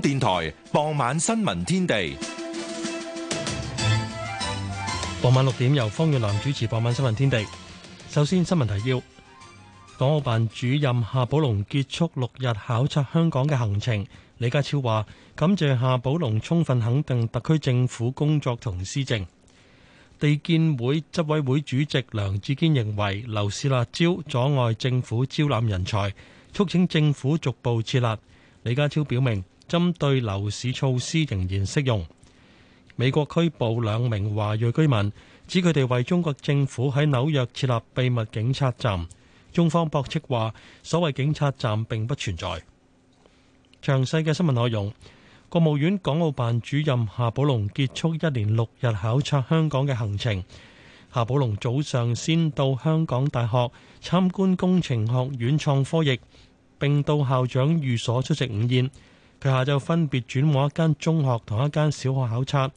電台傍晚新聞天地，傍晚六點由方月蘭主持。傍晚新聞天地，首先新聞提要：港澳辦主任夏寶龍結束六日考察香港嘅行程。李家超話感謝夏寶龍充分肯定特區政府工作同施政。地建會執委會主席梁志堅認為，樓市辣招阻礙政府招攬人才，促請政府逐步撤辣。李家超表明。針對樓市措施仍然適用。美國拘捕兩名華裔居民，指佢哋為中國政府喺紐約設立秘密警察站。中方駁斥話：所謂警察站並不存在。詳細嘅新聞內容，國務院港澳辦主任夏寶龍結束一年六日考察香港嘅行程。夏寶龍早上先到香港大學參觀工程學院創科翼，並到校長寓所出席午宴。佢下晝分別轉往一間中學同一間小學考察，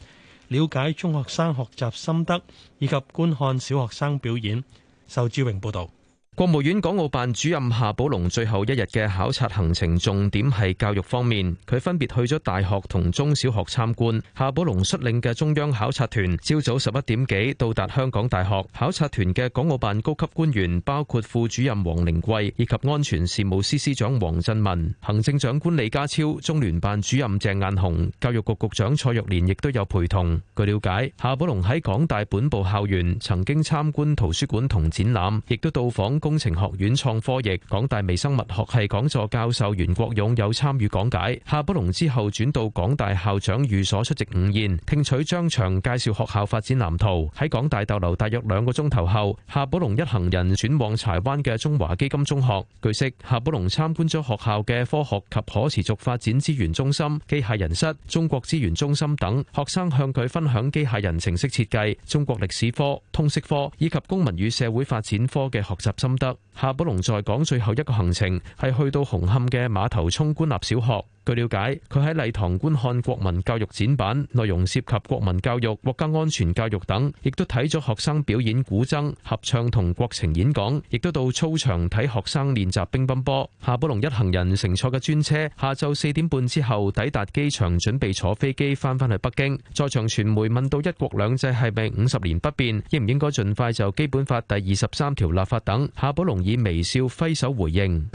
了解中學生學習心得，以及觀看小學生表演。仇志榮報道。國務院港澳辦主任夏寶龍最後一日嘅考察行程重點係教育方面，佢分別去咗大學同中小學參觀。夏寶龍率領嘅中央考察團，朝早十一點幾到達香港大學。考察團嘅港澳辦高級官員包括副主任王靈桂以及安全事務司司長黃振文、行政長官李家超、中聯辦主任鄭雁雄、教育局局長蔡若蓮，亦都有陪同。據了解，夏寶龍喺港大本部校園曾經參觀圖書館同展覽，亦都到訪。工程學院創科翼，港大微生物學系講座教授袁國勇有參與講解。夏寶龍之後轉到港大校長寓所出席午宴，聽取張翔介紹學校發展藍圖。喺港大逗留大約兩個鐘頭後，夏寶龍一行人轉往柴灣嘅中華基金中學。據悉，夏寶龍參觀咗學校嘅科學及可持續發展資源中心、機械人室、中國資源中心等。學生向佢分享機械人程式設計、中國歷史科、通識科以及公民與社會發展科嘅學習心得。得夏寶龍在港最後一個行程係去到紅磡嘅馬頭涌官立小學。據了解，佢喺禮堂觀看國民教育展板，內容涉及國民教育、國家安全教育等，亦都睇咗學生表演古箏合唱同國情演講，亦都到操場睇學生練習乒乓波。夏寶龍一行人乘坐嘅專車下晝四點半之後抵達機場，準備坐飛機翻返去北京。在場傳媒問到一國兩制係咪五十年不變，應唔應該盡快就基本法第二十三條立法等，夏寶龍以微笑揮手回應。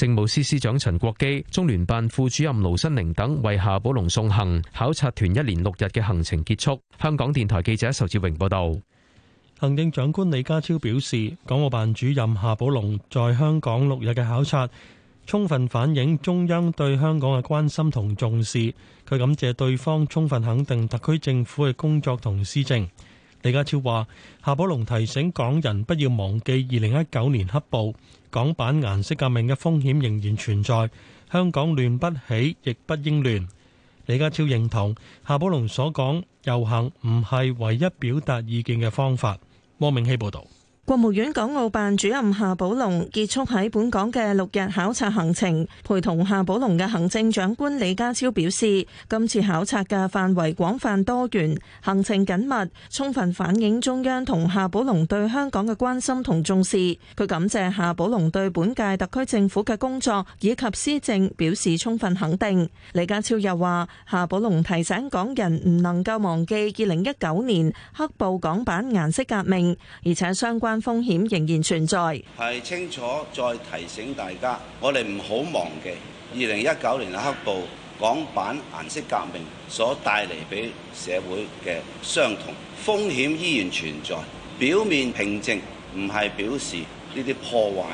政務司司長陳國基、中聯辦副主任盧新寧等為夏寶龍送行，考察團一連六日嘅行程結束。香港電台記者仇志榮報道。行政長官李家超表示，港澳辦主任夏寶龍在香港六日嘅考察，充分反映中央對香港嘅關心同重視。佢感謝對方充分肯定特區政府嘅工作同施政。李家超話，夏寶龍提醒港人不要忘記二零一九年黑暴。港版顏色革命嘅風險仍然存在，香港亂不起，亦不應亂。李家超認同夏寶龍所講，遊行唔係唯一表達意見嘅方法。汪明希報導。國務院港澳辦主任夏寶龍結束喺本港嘅六日考察行程，陪同夏寶龍嘅行政長官李家超表示，今次考察嘅範圍廣泛多元，行程緊密，充分反映中央同夏寶龍對香港嘅關心同重視。佢感謝夏寶龍對本屆特區政府嘅工作以及施政表示充分肯定。李家超又話，夏寶龍提醒港人唔能夠忘記二零一九年黑暴港版顏色革命，而且相關。風險仍然存在，係清楚再提醒大家，我哋唔好忘記二零一九年嘅黑暴、港版顏色革命所帶嚟俾社會嘅傷痛，風險依然存在。表面平靜唔係表示呢啲破壞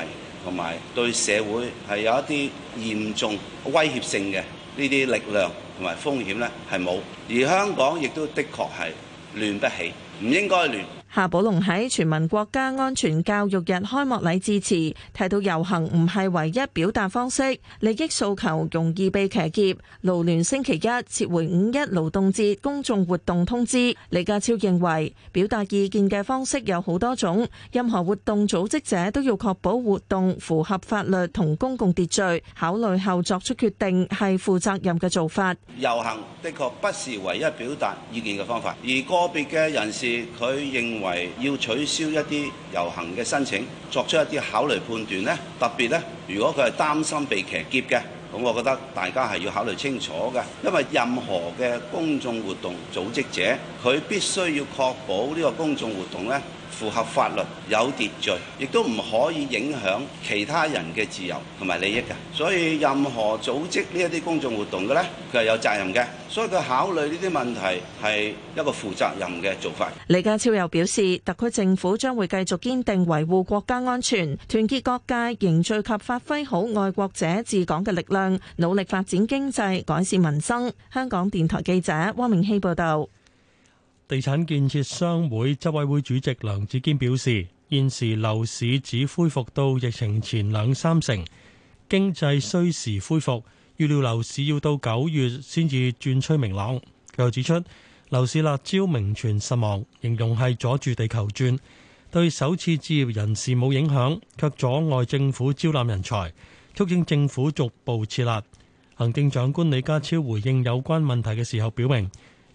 同埋對社會係有一啲嚴重威脅性嘅呢啲力量同埋風險咧，係冇，而香港亦都的確係亂不起，唔應該亂。夏寶龍喺全民國家安全教育日開幕禮致辭，提到遊行唔係唯一表達方式，利益訴求容易被騎劫。勞聯星期一撤回五一勞動節公眾活動通知。李家超認為，表達意見嘅方式有好多種，任何活動組織者都要確保活動符合法律同公共秩序，考慮後作出決定係負責任嘅做法。遊行的確不是唯一表達意見嘅方法，而個別嘅人士，佢認為。要取消一啲遊行嘅申請，作出一啲考慮判斷咧。特別咧，如果佢係擔心被騎劫嘅，咁我覺得大家係要考慮清楚嘅。因為任何嘅公眾活動組織者，佢必須要確保呢個公眾活動咧。符合法律有秩序，亦都唔可以影響其他人嘅自由同埋利益㗎。所以任何組織呢一啲公眾活動嘅咧，佢係有責任嘅。所以佢考慮呢啲問題，係一個負責任嘅做法。李家超又表示，特區政府將會繼續堅定維護國家安全，團結各界，凝聚及發揮好愛國者治港嘅力量，努力發展經濟，改善民生。香港電台記者汪明希報道。地產建設商會執委會主席梁志堅表示，現時樓市只恢復到疫情前兩三成，經濟需時恢復，預料樓市要到九月先至轉趨明朗。佢又指出，樓市辣招名存實亡，形容係阻住地球轉，對首次置業人士冇影響，却阻礙政府招攬人才，促請政府逐步撤辣。行政長官李家超回應有關問題嘅時候，表明。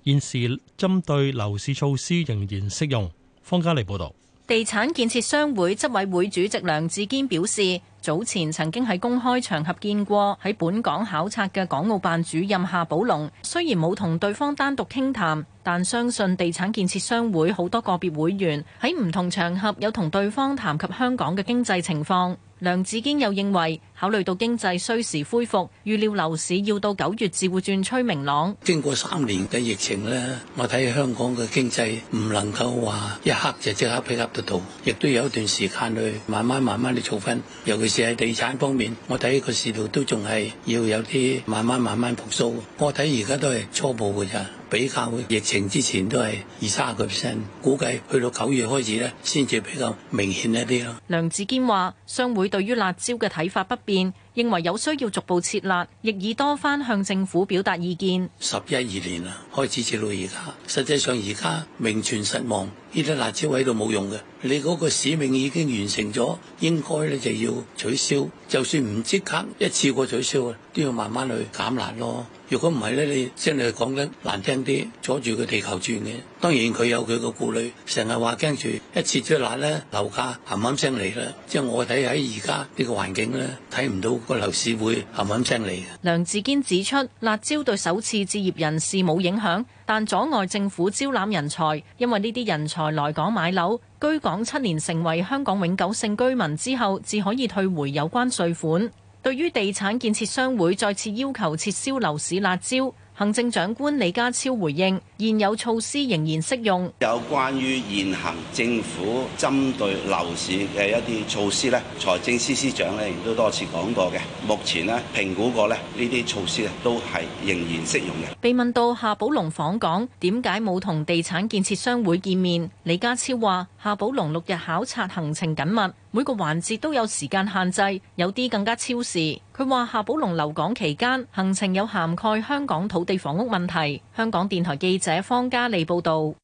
現時針對樓市措施仍然適用。方家麗報導，地產建設商會執委會主席梁志堅表示，早前曾經喺公開場合見過喺本港考察嘅港澳辦主任夏寶龍。雖然冇同對方單獨傾談，但相信地產建設商會好多個別會員喺唔同場合有同對方談及香港嘅經濟情況。梁志堅又認為，考慮到經濟需時恢復，預料樓市要到九月至會轉趨明朗。經過三年嘅疫情呢，我睇香港嘅經濟唔能夠話一刻就即刻 pick up 得到，亦都有一段時間去慢慢慢慢去組分。尤其是喺地產方面，我睇個市道都仲係要有啲慢慢慢慢復甦。我睇而家都係初步嘅咋，比較疫情之前都係二三十個 percent，估計去到九月開始呢，先至比較明顯一啲咯。梁志堅話，商會，對於辣招嘅睇法不變，認為有需要逐步撤辣，亦已多番向政府表達意見。十一二年啦，開始設到而家，實際上而家名存實亡。呢啲辣椒喺度冇用嘅，你嗰個使命已經完成咗，應該咧就要取消。就算唔即刻一次過取消啊，都要慢慢去減辣咯。如果唔係咧，你真係講得難聽啲，阻住個地球轉嘅。當然佢有佢個顧慮，成日話驚住一次出辣咧，樓價冚冚聲嚟啦。即係我睇喺而家呢個環境咧，睇唔到個樓市會冚冚聲嚟嘅。梁志堅指出，辣椒對首次置業人士冇影響。但阻礙政府招攬人才，因為呢啲人才來港買樓，居港七年成為香港永久性居民之後，至可以退回有關稅款。對於地產建設商會再次要求撤銷樓市辣招，行政長官李家超回應：現有措施仍然適用。有關於現行政府針對樓市嘅一啲措施咧，財政司司長咧，亦都多次講過嘅。目前咧，評估過咧，呢啲措施都係仍然適用嘅。被問到夏寶龍訪港點解冇同地產建設商會見面，李家超話：夏寶龍六日考察行程緊密。每個環節都有時間限制，有啲更加超時。佢話夏寶龍留港期間行程有涵蓋香港土地房屋問題。香港電台記者方嘉利報道。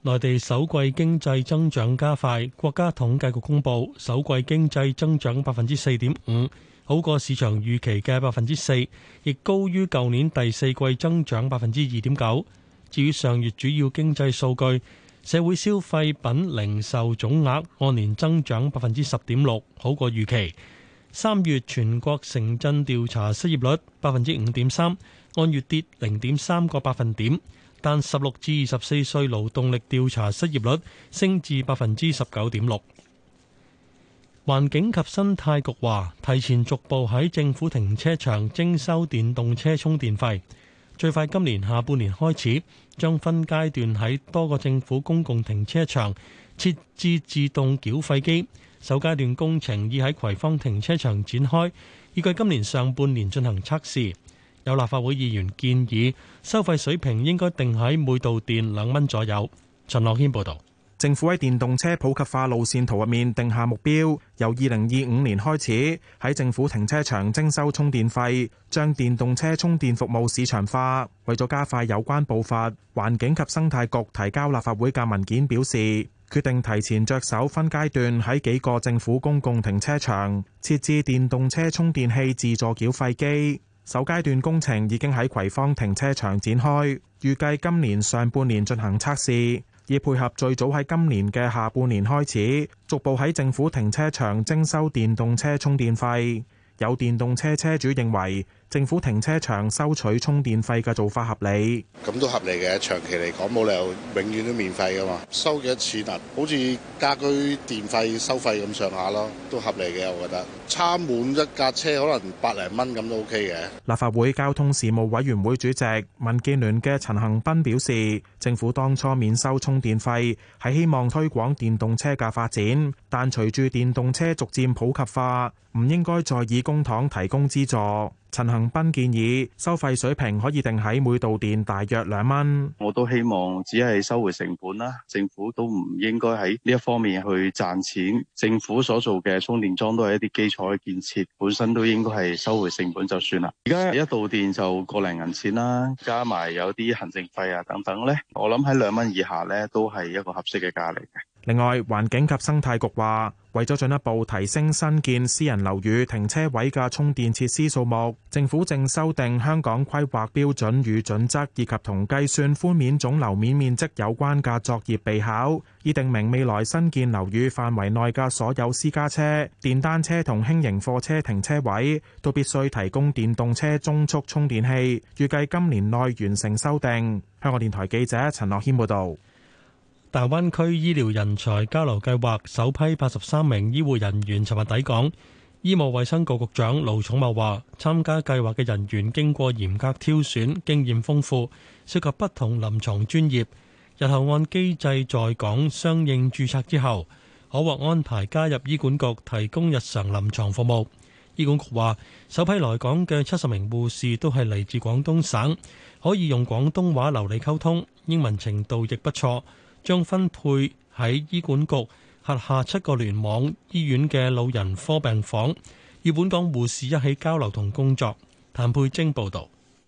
內地首季經濟增長加快，國家統計局公佈首季經濟增長百分之四點五，好過市場預期嘅百分之四，亦高於舊年第四季增長百分之二點九。至於上月主要經濟數據，社會消費品零售總額按年增長百分之十點六，好過預期。三月全國城鎮調查失業率百分之五點三，按月跌零點三個百分點，但十六至二十四歲勞動力調查失業率升至百分之十九點六。環境及生態局話，提前逐步喺政府停車場徵收電動車充電費，最快今年下半年開始。將分階段喺多個政府公共停車場設置自動繳費機，首階段工程已喺葵芳停車場展開，預計今年上半年進行測試。有立法會議員建議，收費水平應該定喺每度電兩蚊左右。陳樂軒報導。政府喺電動車普及化路線圖入面定下目標，由二零二五年開始喺政府停車場徵收充電費，將電動車充電服務市場化。為咗加快有關步伐，環境及生態局提交立法會嘅文件表示，決定提前着手分階段喺幾個政府公共停車場設置電動車充電器自助繳費機。首階段工程已經喺葵芳停車場展開，預計今年上半年進行測試。以配合最早喺今年嘅下半年開始，逐步喺政府停車場徵收電動車充電費，有電動車車主認為。政府停車場收取充電費嘅做法合理，咁都合理嘅。長期嚟講，冇理由永遠都免費噶嘛，收幾次，但好似家居電費收費咁上下咯，都合理嘅。我覺得差滿一架車可能百零蚊咁都 OK 嘅。立法會交通事務委員會主席民建聯嘅陳恒斌表示，政府當初免收充電費係希望推廣電動車嘅發展，但隨住電動車逐漸普及化，唔應該再以公帑提供資助。陳恒斌建議收費水平可以定喺每度電大約兩蚊，我都希望只係收回成本啦。政府都唔應該喺呢一方面去賺錢。政府所做嘅充電樁都係一啲基礎嘅建設，本身都應該係收回成本就算啦。而家一度電就個零銀錢啦，加埋有啲行政費啊等等咧，我諗喺兩蚊以下咧都係一個合適嘅價嚟嘅。另外，環境及生態局話，為咗進一步提升新建私人樓宇停車位嘅充電設施數目，政府正修訂香港規劃標準與準則以及同計算寬免總樓面面積有關嘅作業備考，以定明未來新建樓宇範圍內嘅所有私家車、電單車同輕型貨車停車位都必須提供電動車中速充電器。預計今年內完成修訂，香港電台記者陳樂謙報道。大灣區醫療人才交流計劃首批八十三名醫護人員尋日抵港。醫務衛生局局長盧寵茂話：參加計劃嘅人員經過嚴格挑選，經驗豐富，涉及不同臨床專業。日後按機制在港相應註冊之後，可獲安排加入醫管局提供日常臨床服務。醫管局話：首批來港嘅七十名護士都係嚟自廣東省，可以用廣東話流利溝通，英文程度亦不錯。將分配喺醫管局轄下七個聯網醫院嘅老人科病房，與本港護士一起交流同工作。譚佩晶報導。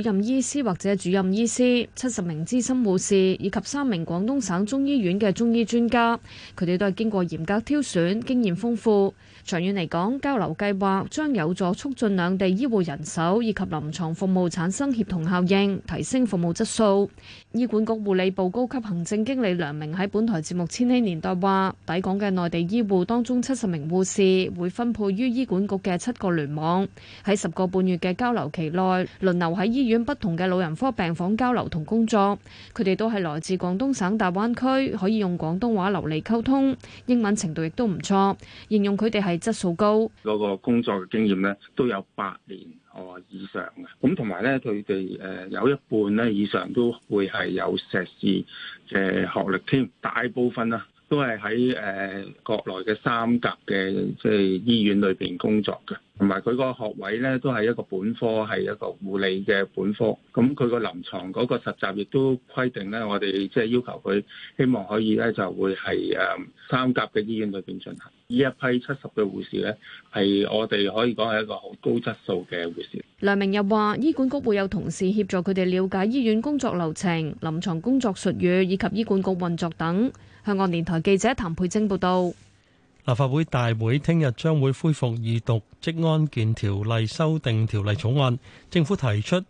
主任醫師或者主任醫師，七十名資深護士以及三名廣東省中醫院嘅中醫專家，佢哋都係經過嚴格挑選，經驗豐富。長遠嚟講，交流計劃將有助促進兩地醫護人手以及臨床服務產生協同效應，提升服務質素。醫管局護理部高級行政經理梁明喺本台節目《千禧年代》話：抵港嘅內地醫護當中，七十名護士會分配於醫管局嘅七個聯網，喺十個半月嘅交流期內，輪流喺醫院不同嘅老人科病房交流同工作。佢哋都係來自廣東省大灣區，可以用廣東話流利溝通，英文程度亦都唔錯。形容佢哋係，質素高，嗰個工作嘅經驗咧都有八年或以上嘅。咁同埋咧，佢哋誒有一半咧以上都會係有碩士嘅學歷添。大部分啊都係喺誒國內嘅三甲嘅即係醫院裏邊工作嘅。同埋佢個學位咧都係一個本科，係一個護理嘅本科。咁佢個臨床嗰個實習亦都規定咧，我哋即係要求佢希望可以咧就會係誒三甲嘅醫院裏邊進行。呢一批七十嘅護士咧，係我哋可以講係一個好高質素嘅護士。梁明又話：醫管局會有同事協助佢哋了解醫院工作流程、臨牀工作術語以及醫管局運作等。香港電台記者譚佩晶報道。立法會大會聽日將會恢復二讀《職安健條例修訂條例草案》。政府提出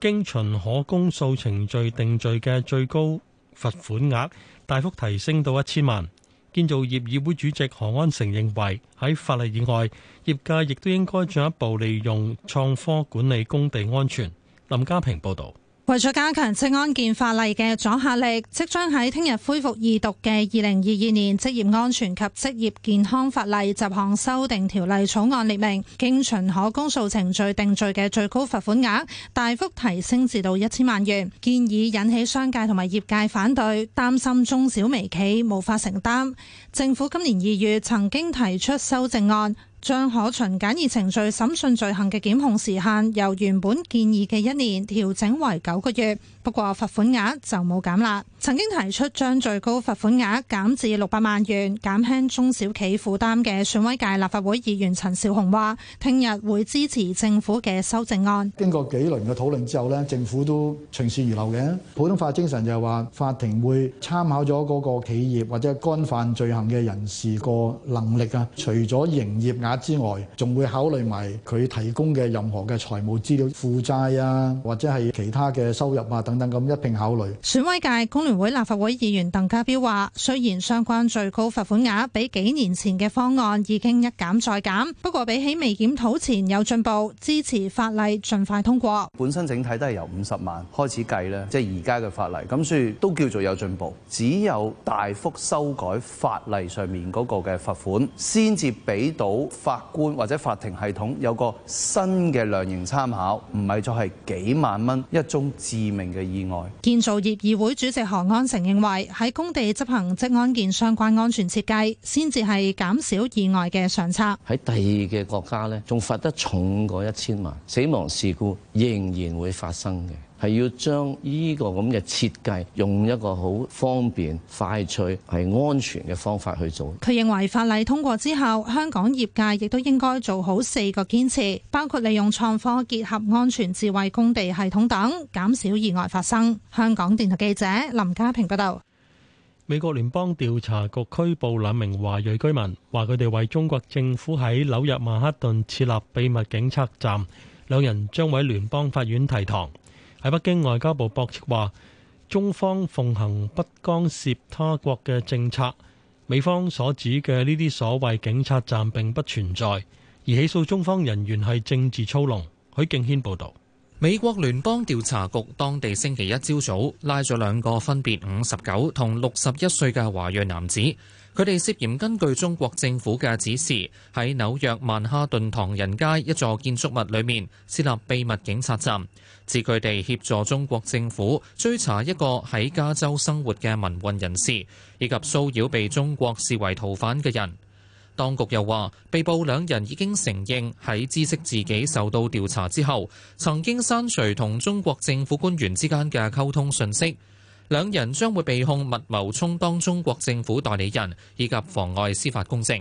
經循可公訴程序定罪嘅最高罰款額大幅提升到一千萬。建造業議會主席何安成認為，喺法例以外，業界亦都應該進一步利用創科管理工地安全。林家平報導。為咗加強職安健法例嘅阻吓力，即將喺聽日恢復二讀嘅二零二二年職業安全及職業健康法例集項修訂條例草案，列明經循可公訴程序定罪嘅最高罰款額大幅提升至到一千萬元，建議引起商界同埋業界反對，擔心中小微企無法承擔。政府今年二月曾經提出修正案。將可循簡易程序審訊罪行嘅檢控時限由原本建議嘅一年調整為九個月，不過罰款額就冇減啦。曾經提出將最高罰款額減至六百萬元，減輕中小企負擔嘅選委界立法會議員陳紹雄話，聽日會支持政府嘅修正案。經過幾輪嘅討論之後呢，政府都從善如流嘅。普通法精神就係話，法庭會參考咗嗰個企業或者幹犯罪行嘅人士個能力啊，除咗營業額之外，仲會考慮埋佢提供嘅任何嘅財務資料、負債啊，或者係其他嘅收入啊等等，咁一併考慮。選委界工聯會立法會議員鄧家彪話，雖然相關最高罰款額比幾年前嘅方案已經一減再減，不過比起未檢討前有進步，支持法例盡快通過。本身整體都係由五十萬開始計咧，即係而家嘅法例，咁所以都叫做有進步。只有大幅修改法例上面嗰個嘅罰款，先至俾到。法官或者法庭系統有個新嘅量刑參考，唔係再係幾萬蚊一宗致命嘅意外。建造業議會主席何安成認為，喺工地執行職安健相關安全設計先至係減少意外嘅上策。喺第二嘅國家咧，仲罰得重過一千萬，死亡事故仍然會發生嘅。係要將依個咁嘅設計，用一個好方便、快脆、係安全嘅方法去做。佢認為法例通過之後，香港業界亦都應該做好四個堅持，包括利用創科結合安全智慧工地系統等，減少意外發生。香港電台記者林家平報道。美國聯邦調查局拘捕兩名華裔居民，話佢哋為中國政府喺紐約曼克頓設立秘密警察站。兩人將喺聯邦法院提堂。喺北京外交部駁斥話：中方奉行不干涉他國嘅政策，美方所指嘅呢啲所謂警察站並不存在，而起訴中方人員係政治操弄。許敬軒報導，美國聯邦調查局當地星期一朝早拉咗兩個分別五十九同六十一歲嘅華裔男子。佢哋涉嫌根據中國政府嘅指示，喺紐約曼哈頓唐人街一座建築物裏面設立秘密警察站，指佢哋協助中國政府追查一個喺加州生活嘅民運人士，以及騷擾被中國視為逃犯嘅人。當局又話，被捕兩人已經承認喺知悉自己受到調查之後，曾經刪除同中國政府官員之間嘅溝通信息。兩人將會被控密謀充當中國政府代理人以及妨礙司法公正。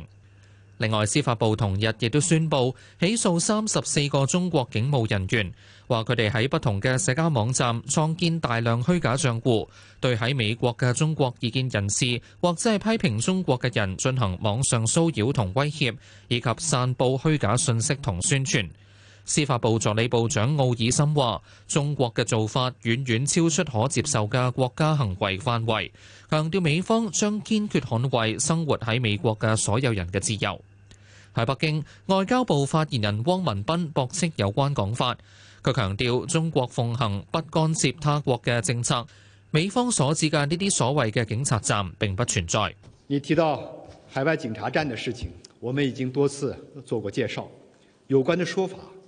另外，司法部同日亦都宣佈起訴三十四個中國警務人員，話佢哋喺不同嘅社交網站創建大量虛假賬戶，對喺美國嘅中國意見人士或者係批評中國嘅人進行網上騷擾同威脅，以及散佈虛假信息同宣傳。司法部助理部長奧爾森話，中國嘅做法遠遠超出可接受嘅國家行為範圍，強調美方將堅決捍衛生活喺美國嘅所有人嘅自由。喺北京，外交部發言人汪文斌駁斥有關講法，佢強調中國奉行不干涉他國嘅政策，美方所指嘅呢啲所謂嘅警察站並不存在。你提到海外警察站嘅事情，我們已經多次做過介紹，有關嘅說法，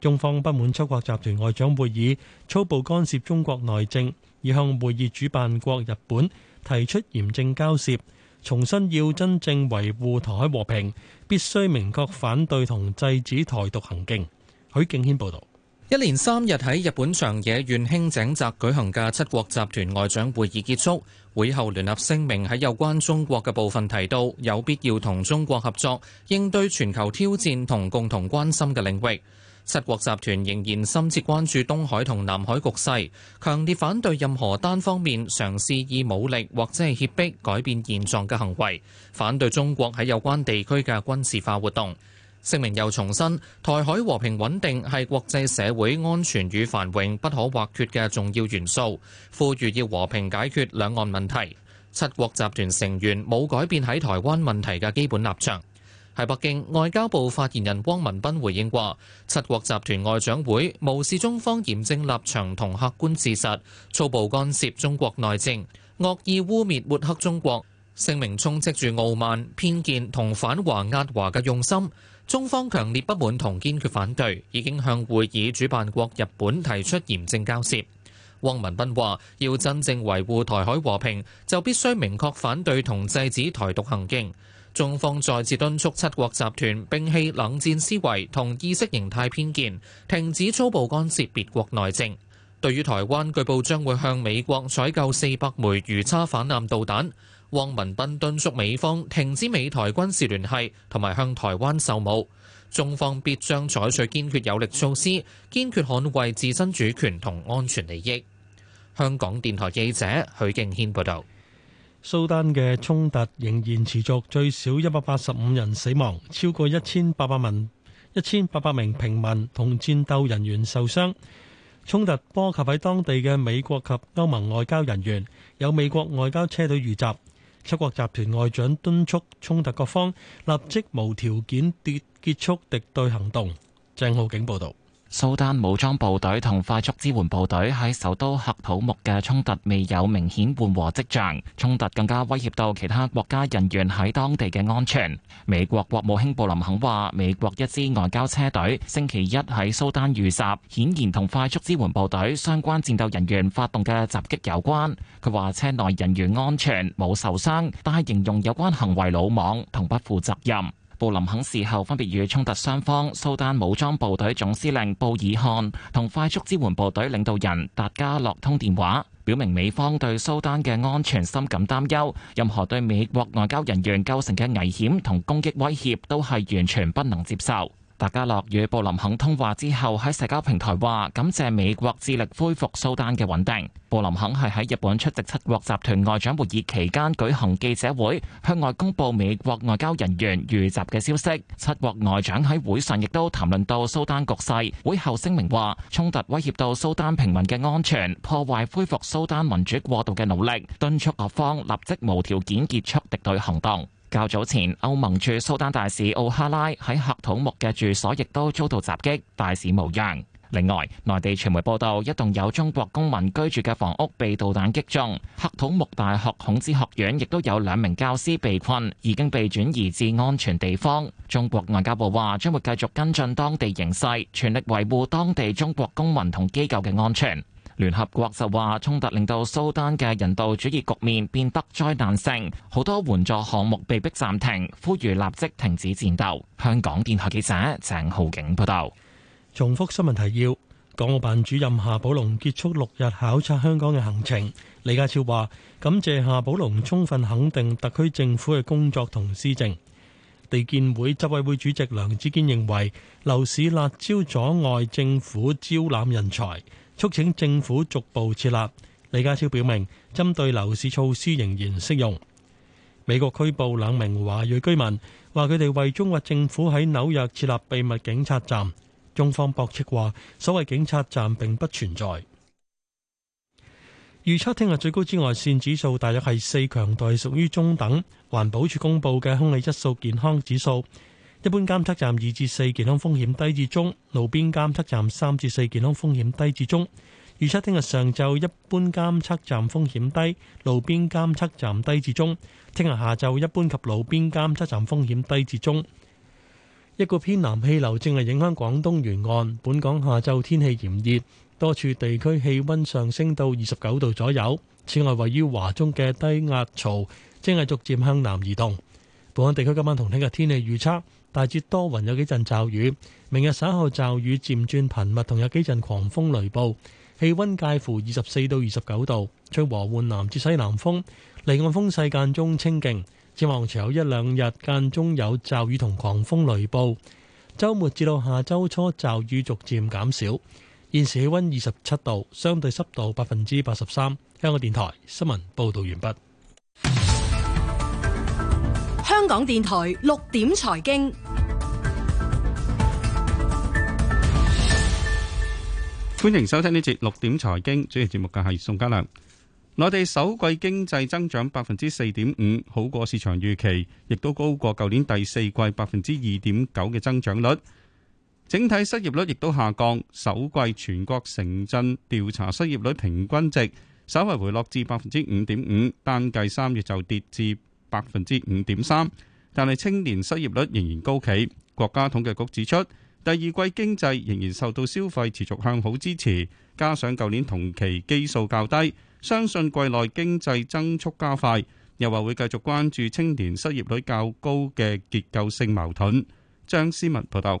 中方不滿七國集團外長會議粗暴干涉中國內政，而向會議主辦國日本提出嚴正交涉，重申要真正維護台海和平，必須明確反對同制止台獨行徑。許敬軒報導，一連三日喺日本長野縣輕井澤舉行嘅七國集團外長會議結束，會後聯合聲明喺有關中國嘅部分提到，有必要同中國合作應對全球挑戰同共同關心嘅領域。七國集團仍然深切關注東海同南海局勢，強烈反對任何單方面嘗試以武力或者係脅迫改變現狀嘅行為，反對中國喺有關地區嘅軍事化活動。聲明又重申，台海和平穩定係國際社會安全與繁榮不可或缺嘅重要元素，呼籲要和平解決兩岸問題。七國集團成員冇改變喺台灣問題嘅基本立場。喺北京，外交部發言人汪文斌回應話：七國集團外長會無視中方嚴正立場同客觀事實，粗暴干涉中國內政，惡意污衊抹黑中國，聲明充斥住傲慢、偏見同反華壓華嘅用心。中方強烈不滿同堅決反對，已經向會議主辦國日本提出嚴正交涉。汪文斌話：要真正維護台海和平，就必須明確反對同制止台獨行徑。中方再次敦促七國集團摒棄冷戰思維同意識形態偏見，停止粗暴干涉別國內政。對於台灣，據報將會向美國採購四百枚魚叉反艦導彈。汪文斌敦促美方停止美台軍事聯繫，同埋向台灣售武。中方必將採取堅決有力措施，堅決捍衛自身主權同安全利益。香港電台記者許敬軒報道。蘇丹嘅衝突仍然持續，最少一百八十五人死亡，超過一千八百名一千八百名平民同戰鬥人員受傷。衝突波及喺當地嘅美國及歐盟外交人員，有美國外交車隊遇襲。七國集團外長敦促衝突各方立即無條件結結束敵對行動。鄭浩景報道。蘇丹武裝部隊同快速支援部隊喺首都喀土木嘅衝突未有明顯緩和迹象，衝突更加威脅到其他國家人員喺當地嘅安全。美國國務卿布林肯話，美國一支外交車隊星期一喺蘇丹遇襲，顯然同快速支援部隊相關戰鬥人員發動嘅襲擊有關。佢話車內人員安全，冇受傷，但係形容有關行為魯莽同不負責任。布林肯事後分別與衝突雙方蘇丹武裝部隊總司令布爾漢同快速支援部隊領導人達加洛通電話，表明美方對蘇丹嘅安全深感擔憂，任何對美國外交人員構成嘅危險同攻擊威脅都係完全不能接受。達加洛與布林肯通話之後，喺社交平台話感謝美國致力恢復蘇丹嘅穩定。布林肯係喺日本出席七國集團外長會議期間舉行記者會，向外公佈美國外交人員遇襲嘅消息。七國外長喺會上亦都談論到蘇丹局勢。會後聲明話，衝突威脅到蘇丹平民嘅安全，破壞恢復蘇丹民主過渡嘅努力，敦促各方立即無條件結束敵對行動。較早前，歐盟駐蘇丹大使奧哈拉喺喀土木嘅住所亦都遭到襲擊，大使無恙。另外，內地傳媒報道一棟有中國公民居住嘅房屋被導彈擊中。喀土木大學孔子學院亦都有兩名教師被困，已經被轉移至安全地方。中國外交部話將會繼續跟進當地形勢，全力維護當地中國公民同機構嘅安全。聯合國就話，衝突令到蘇丹嘅人道主義局面變得災難性，好多援助項目被迫暫停，呼籲立即停止戰鬥。香港電台記者鄭浩景報道。重複新聞提要，港澳辦主任夏寶龍結束六日考察香港嘅行程。李家超話感謝夏寶龍充分肯定特區政府嘅工作同施政。地建會執委會主席梁志堅認為樓市辣招阻礙政府招攬人才。促請政府逐步設立。李家超表明，針對樓市措施仍然適用。美國拘捕兩名華裔居民，話佢哋為中國政府喺紐約設立秘密警察站。中方駁斥話，所謂警察站並不存在。預測聽日最高紫外線指數大約係四強，代屬於中等。環保署公布嘅空氣質素健康指數。一般監測站二至四健康風險低至中，路邊監測站三至四健康風險低至中。預測聽日上晝一般監測站風險低，路邊監測站低至中。聽日下晝一般及路邊監測站風險低至中。一個偏南氣流正係影響廣東沿岸，本港下晝天氣炎熱，多處地區氣溫上升到二十九度左右。此外，位於華中嘅低壓槽正係逐漸向南移動。本港地區今晚同聽日天氣預測。大致多雲，有幾陣驟雨。明日稍後驟雨漸轉頻密，同有幾陣狂風雷暴。氣溫介乎二十四到二十九度，吹和緩南至西南風。離岸風勢間中清勁，展望朝，有一兩日間中有驟雨同狂風雷暴，周末至到下周初驟雨逐漸減少。現時氣溫二十七度，相對濕度百分之八十三。香港電台新聞報道完畢。香港電臺六點財經，歡迎收聽呢節六點財經。主持節目嘅係宋嘉良。內地首季經濟增長百分之四點五，好過市場預期，亦都高過舊年第四季百分之二點九嘅增長率。整體失業率亦都下降，首季全國城鎮調查失業率平均值稍為回落至百分之五點五，單計三月就跌至百分之五點三，但係青年失業率仍然高企。國家統計局指出，第二季經濟仍然受到消費持續向好支持，加上舊年同期基數較低，相信季內經濟增速加快。又話會繼續關注青年失業率較高嘅結構性矛盾。張思文報道。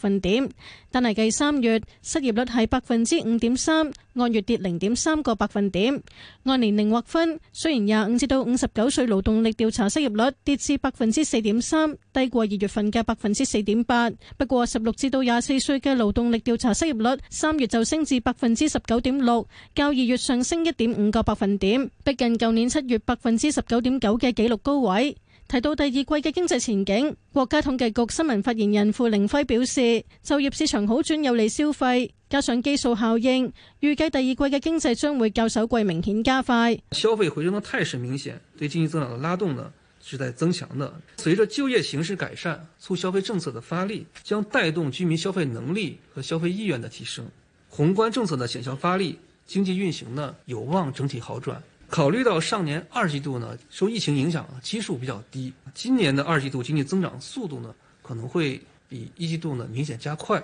分點，但係計三月失業率係百分之五點三，按月跌零點三個百分點。按年齡劃分，雖然廿五至到五十九歲勞動力調查失業率跌至百分之四點三，低過二月份嘅百分之四點八。不過十六至到廿四歲嘅勞動力調查失業率三月就升至百分之十九點六，較二月上升一點五個百分點，逼近舊年七月百分之十九點九嘅紀錄高位。提到第二季嘅經濟前景，國家統計局新聞發言人傅凌輝表示，就業市場好轉有利消費，加上基數效應，預計第二季嘅經濟將會較首季明顯加快。消費回升的態勢明顯，對經濟增長的拉動呢是在增強的。隨着就業形勢改善，促消費政策的發力將帶動居民消費能力和消費意願的提升，宏觀政策的顯效發力，經濟運行呢有望整體好轉。考慮到上年二季度呢，受疫情影響，基數比較低，今年的二季度經濟增長速度呢，可能會比一季度呢明顯加快。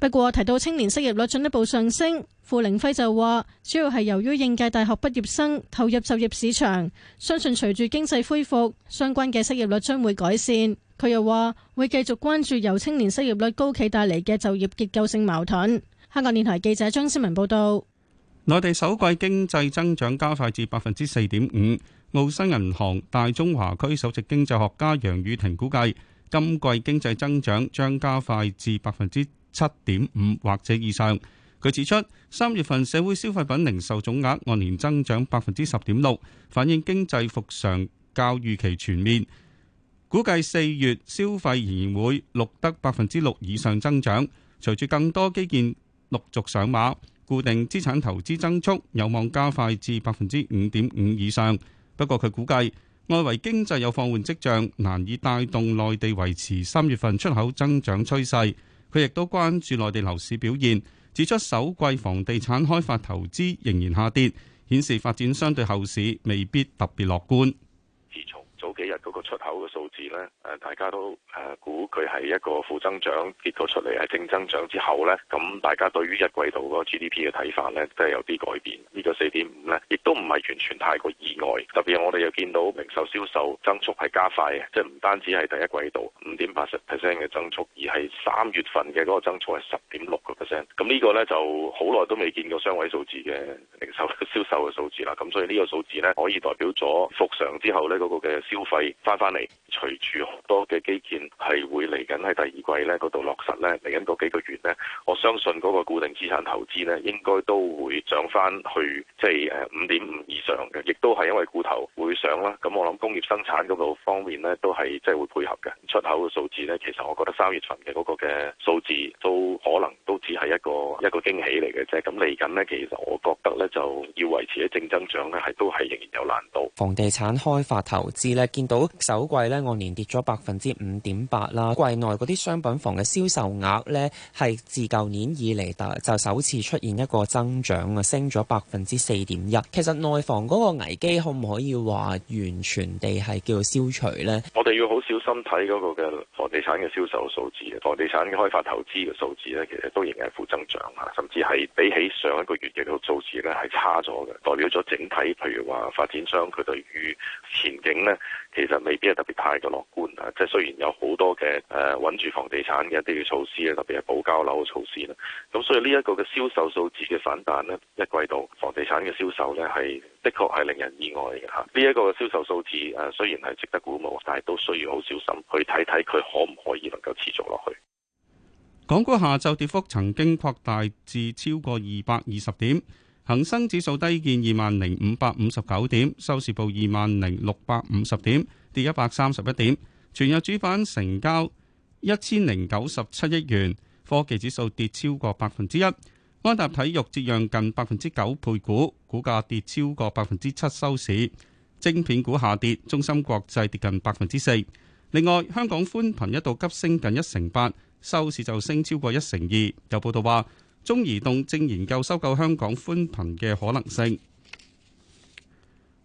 不過提到青年失業率進一步上升，傅凌輝就話，主要係由於應屆大學畢業生投入就業市場，相信隨住經濟恢復，相關嘅失業率將會改善。佢又話，會繼續關注由青年失業率高企帶嚟嘅就業結構性矛盾。香港電台記者張思文報道。內地首季經濟增長加快至百分之四點五，澳新銀行大中華區首席經濟學家楊宇婷估計，今季經濟增長將加快至百分之七點五或者以上。佢指出，三月份社會消費品零售總額按年增長百分之十點六，反映經濟復常較預期全面。估計四月消費仍然會錄得百分之六以上增長，隨住更多基建陸續上馬。固定資產投資增速有望加快至百分之五點五以上，不過，佢估計，外圍經濟有放緩跡象，難以帶動內地維持三月份出口增長趨勢。佢亦都關注內地樓市表現，指出首季房地產開發投資仍然下跌，顯示發展相對後市未必特別樂觀。早幾日嗰個出口嘅數字呢，誒大家都誒估佢係一個負增長，結果出嚟，係正增長之後呢，咁大家對於一季度嗰個 GDP 嘅睇法呢，都係有啲改變。呢個四點五呢，亦都唔係完全太過意外。特別我哋又見到零售銷售增速係加快嘅，即係唔單止係第一季度五點八十 percent 嘅增速，而係三月份嘅嗰個增速係十點六個 percent。咁呢個呢，就好耐都未見過雙位數字嘅零售銷售嘅數字啦。咁所以呢個數字呢，可以代表咗復常之後呢嗰個嘅銷。消費翻翻嚟，隨住好多嘅基建係會嚟緊喺第二季咧嗰度落實咧，嚟緊嗰幾個月咧，我相信嗰個固定資產投資咧應該都會漲翻去，即係誒五點五以上嘅，亦都係因為股頭會上啦。咁我諗工業生產嗰度方面咧都係即係會配合嘅。出口嘅數字咧，其實我覺得三月份嘅嗰個嘅數字都可能都只係一個一個驚喜嚟嘅啫。咁嚟緊咧，其實我覺得咧就要維持喺正增長咧，係都係仍然有難度。房地產開發投資。咧見到首季咧按年跌咗百分之五點八啦，季內嗰啲商品房嘅銷售額咧係自舊年以嚟就首次出現一個增長啊，升咗百分之四點一。其實內房嗰個危機可唔可以話完全地係叫做消除呢？我哋要好小心睇嗰個嘅房地產嘅銷售數字，房地產嘅開發投資嘅數字咧，其實都仍然係負增長啊，甚至係比起上一個月嘅數字咧係差咗嘅，代表咗整體譬如話發展商佢對於前景咧。其實未必係特別太過樂觀啊！即係雖然有好多嘅誒穩住房地產嘅一啲措施啊，特別係保交樓嘅措施啦。咁所以呢一個嘅銷售數字嘅反彈咧，一季度房地產嘅銷售呢，係的確係令人意外嘅吓呢、這、一個銷售數字誒、呃，雖然係值得鼓舞，但係都需要好小心去睇睇佢可唔可以能夠持續落去。港股下晝跌幅曾經擴大至超過二百二十點。恒生指數低見2萬零五百五十九點，收市報2萬零六百五十點，跌一百三十一點。全日主板成交一千零九十七億元。科技指數跌超過百分之一。安踏體育折讓近百分之九配股，股價跌超過百分之七收市。晶片股下跌，中心國際跌近百分之四。另外，香港寬頻一度急升近一成八，收市就升超過一成二。有報道話。中移動正研究收購香港寬頻嘅可能性。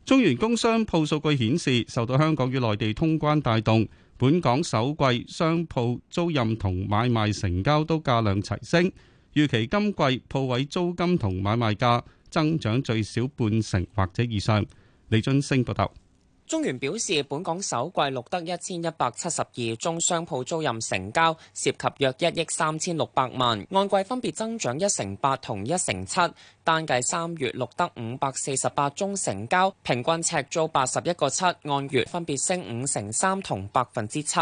中原工商鋪數據顯示，受到香港與內地通關帶動，本港首季商鋪租賃同買賣成交都價量齊升。預期今季鋪位租金同買賣價增長最少半成或者以上。李俊升報道。中原表示，本港首季錄得一千一百七十二宗商鋪租賃成交，涉及約一億三千六百萬，按季分別增長一成八同一成七，單計三月錄得五百四十八宗成交，平均尺租八十一個七，按月分別升五成三同百分之七。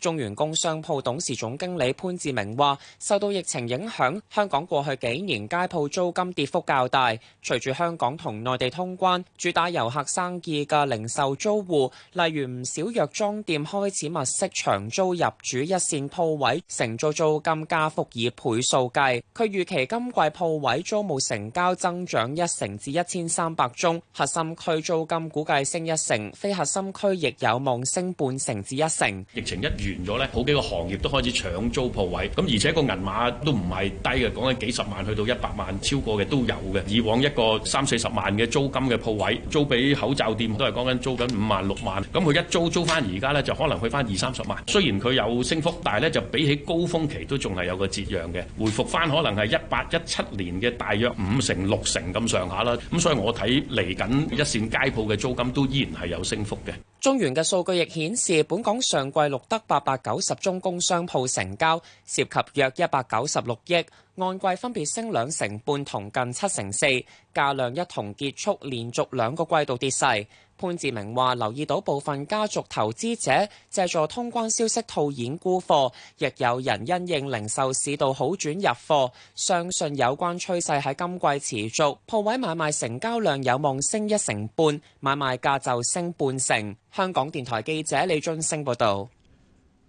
中原工商鋪董事總經理潘志明話：受到疫情影響，香港過去幾年街鋪租金跌幅較大。隨住香港同內地通關，主打遊客生意嘅零售租戶，例如唔少藥妝店開始物色長租入主一線鋪位，承租租金加幅以倍數計。佢預期今季鋪位租務成交增長一成至一千三百宗，核心區租金估計升一成，非核心區亦有望升半成至一成。疫情一月。完咗咧，好幾個行業都開始搶租鋪位，咁而且個銀碼都唔係低嘅，講緊幾十萬去到一百萬超過嘅都有嘅。以往一個三四十萬嘅租金嘅鋪位，租俾口罩店都係講緊租緊五萬六萬，咁佢一租租翻而家咧就可能去翻二三十萬。雖然佢有升幅，但係咧就比起高峰期都仲係有個折讓嘅，回復翻可能係一八一七年嘅大約五成六成咁上下啦。咁所以我睇嚟緊一線街鋪嘅租金都依然係有升幅嘅。中原嘅數據亦顯示，本港上季錄得八百九十宗工商鋪成交，涉及約一百九十六億，按季分別升兩成半同近七成四，價量一同結束連續兩個季度跌勢。潘志明話：留意到部分家族投資者借助通關消息套現沽貨，亦有人因應零售市道好轉入貨，相信有關趨勢喺今季持續。鋪位買賣成交量有望升一成半，買賣價就升半成。香港電台記者李俊升報道：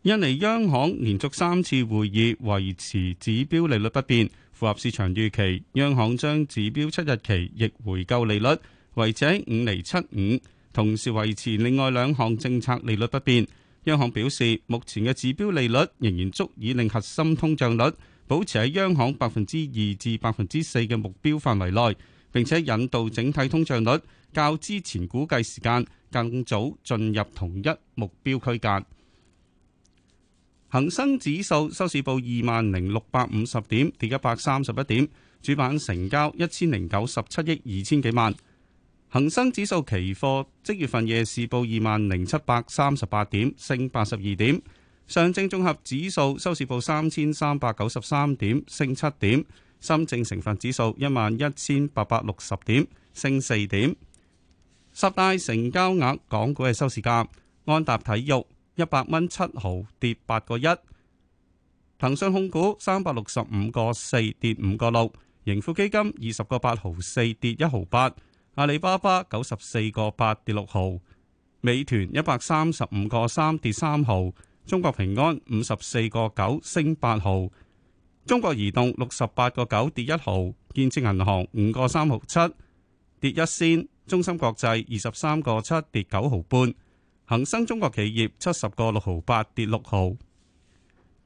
印尼央行連續三次會議維持指標利率不變，符合市場預期。央行將指標七日期逆回購利率維持喺五厘七五。同時維持另外兩項政策利率不變。央行表示，目前嘅指標利率仍然足以令核心通脹率保持喺央行百分之二至百分之四嘅目標範圍內，並且引導整體通脹率較之前估計時間更早進入同一目標區間。恒生指數收市報二萬零六百五十點，跌一百三十一點。主板成交一千零九十七億二千幾萬。恒生指數期貨即月份夜市報二萬零七百三十八點，升八十二點。上證綜合指數收市報三千三百九十三點，升七點。深證成分指數一萬一千八百六十點，升四點。十大成交額港股嘅收市價：安踏體育一百蚊七毫跌八個一，騰訊控股三百六十五個四跌五個六，盈富基金二十個八毫四跌一毫八。阿里巴巴九十四個八跌六毫，美團一百三十五個三跌三毫，中國平安五十四個九升八毫，中國移動六十八個九跌一毫，建設銀行五個三毫七跌一仙，中芯國際二十三個七跌九毫半，恒生中國企業七十個六毫八跌六毫。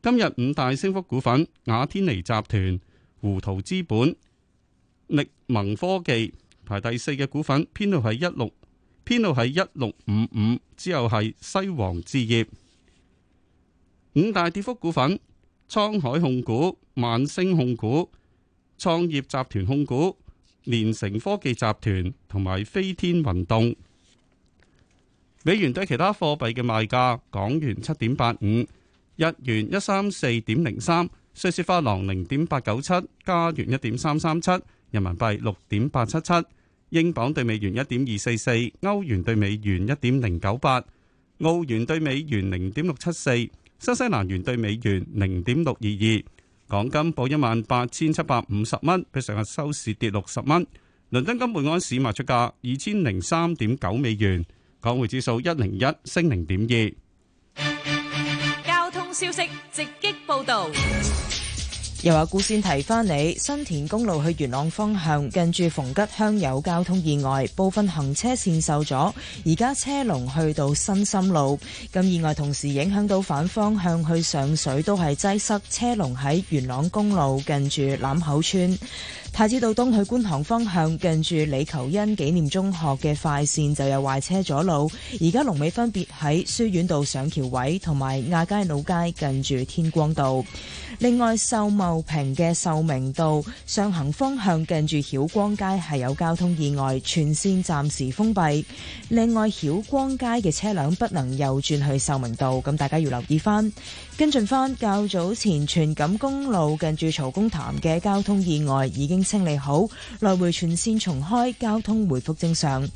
今日五大升幅股份：雅天尼集團、胡桃資本、力盟科技。排第四嘅股份編號係一六，編號係一六五五，之後係西王置業。五大跌幅股份：滄海控股、萬星控股、創業集團控股、連成科技集團同埋飛天運動。美元對其他貨幣嘅賣價：港元七點八五，日元一三四點零三，瑞士法郎零點八九七，加元一點三三七，人民幣六點八七七。英鎊兌美元一點二四四，歐元兌美元一點零九八，澳元兌美元零點六七四，新西蘭元兌美元零點六二二。港金報一萬八千七百五十蚊，比上日收市跌六十蚊。倫敦金每安士賣出價二千零三點九美元，港匯指數一零一升零點二。交通消息直擊報道。又話古先提翻你，新田公路去元朗方向近住逢吉鄉有交通意外，部分行車線受阻，而家車龍去到新深路。咁意外同時影響到反方向去上水都係擠塞，車龍喺元朗公路近住欖口村。太子道東去觀塘方向，近住李求恩紀念中學嘅快線就有壞車阻路，而家龍尾分別喺書院道上橋位同埋亞皆老街近住天光道。另外，秀茂坪嘅秀明道上行方向近住曉光街係有交通意外，全線暫時封閉。另外，曉光街嘅車輛不能右轉去秀明道，咁大家要留意翻。跟進翻較早前荃錦公路近住曹公潭嘅交通意外已經清理好，來回全線重開，交通回復正常。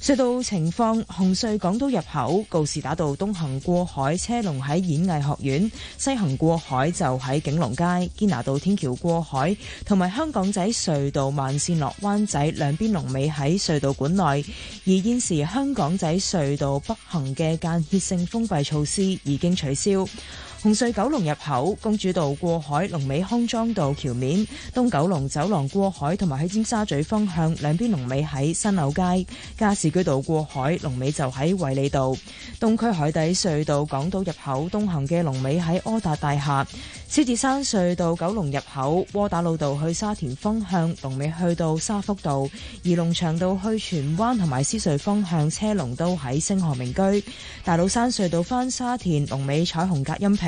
隧道情況：紅隧港島入口告士打道東行過海車龍喺演藝學院，西行過海就喺景隆街堅拿道天橋過海，同埋香港仔隧道慢線落灣仔兩邊龍尾喺隧道管內。而現時香港仔隧道北行嘅間歇性封閉措施已經取消。紅隧九龍入口、公主道過海龍尾康莊道橋面、東九龍走廊過海同埋喺尖沙咀方向兩邊龍尾喺新柳街、加士居道過海龍尾就喺衛理道、東區海底隧道港島入口東行嘅龍尾喺柯達大廈、獅子山隧道九龍入口窩打老道去沙田方向龍尾去到沙福道、而龍翔道去荃灣同埋獅隧方向車龍都喺星河名居、大老山隧道返沙田龍尾彩虹隔音屏。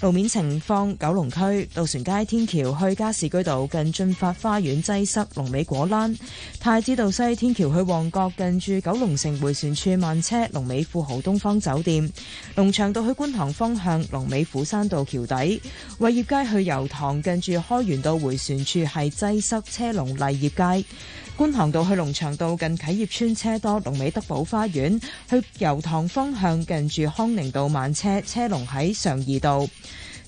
路面情況：九龍區渡船街天橋去加士居道近進發花園擠塞，龍尾果欄；太子道西天橋去旺角近住九龍城回旋處慢車，龍尾富豪東方酒店；龍翔道去觀塘方向，龍尾斧山道橋底；偉業街去油塘近住開源道回旋處係擠塞車龍，麗業街；觀塘道去龍翔道近啟業村車多，龍尾德寶花園；去油塘方向近住康寧道慢車，車龍喺常怡道。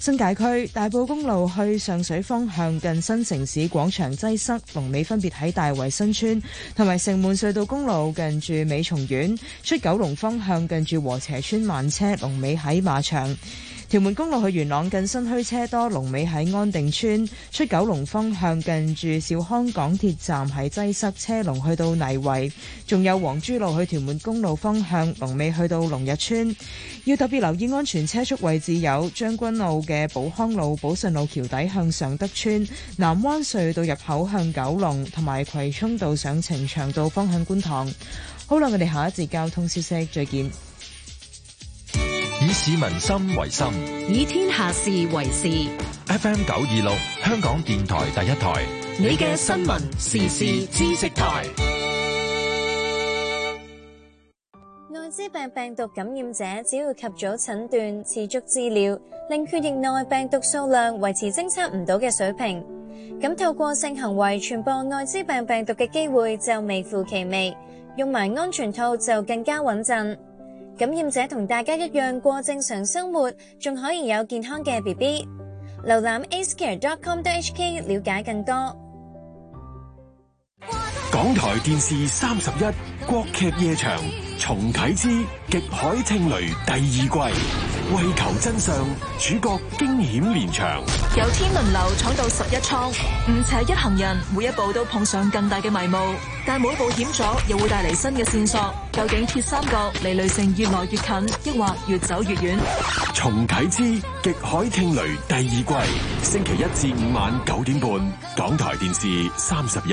新界區大埔公路去上水方向近新城市廣場擠塞，龍尾分別喺大圍新村同埋城門隧道公路近住美松苑；出九龍方向近住和斜村慢車，龍尾喺馬場。屯門公路去元朗近新墟車多，龍尾喺安定村；出九龍方向近住兆康港鐵站喺擠塞車龍，去到泥圍。仲有黃珠路去屯門公路方向，龍尾去到龍日村。要特別留意安全車速位置有將軍澳嘅寶康路、寶順路橋底向尚德村、南灣隧道入口向九龍，同埋葵涌道上呈祥道方向觀塘。好啦，我哋下一節交通消息再見。以市民心為心，以天下事為事。FM 九二六，香港電台第一台，你嘅新聞時事知識台。艾滋病病毒感染者只要及早診斷、持續治療，令血液內病毒數量維持偵測唔到嘅水平，咁透過性行為傳播艾滋病病毒嘅機會就微乎其微，用埋安全套就更加穩陣。感染者同大家一樣過正常生活，仲可以有健康嘅 B B。瀏覽 ask care dot com dot hk 了解更多。港台電視三十一，國劇夜場，重啟之《極海聽雷》第二季。為求真相，主角驚險連場，由天輪流闖到十一倉，吳邪一行人每一步都碰上更大嘅迷霧，但每步險阻又會帶嚟新嘅線索。究竟鐵三角離雷城越來越近，抑或越走越遠？重啟之極海聽雷第二季，星期一至五晚九點半，港台電視三十一。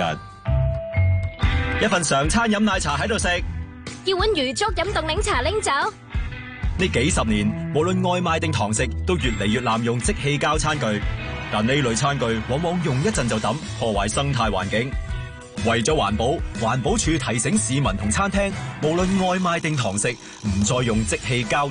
一份常餐飲奶茶喺度食，要碗魚粥飲凍檸茶拎走。呢幾十年，無論外賣定堂食，都越嚟越濫用即棄膠餐具。但呢類餐具往往用一陣就抌，破壞生態環境。為咗環保，環保署提醒市民同餐廳，無論外賣定堂食，唔再用即棄膠。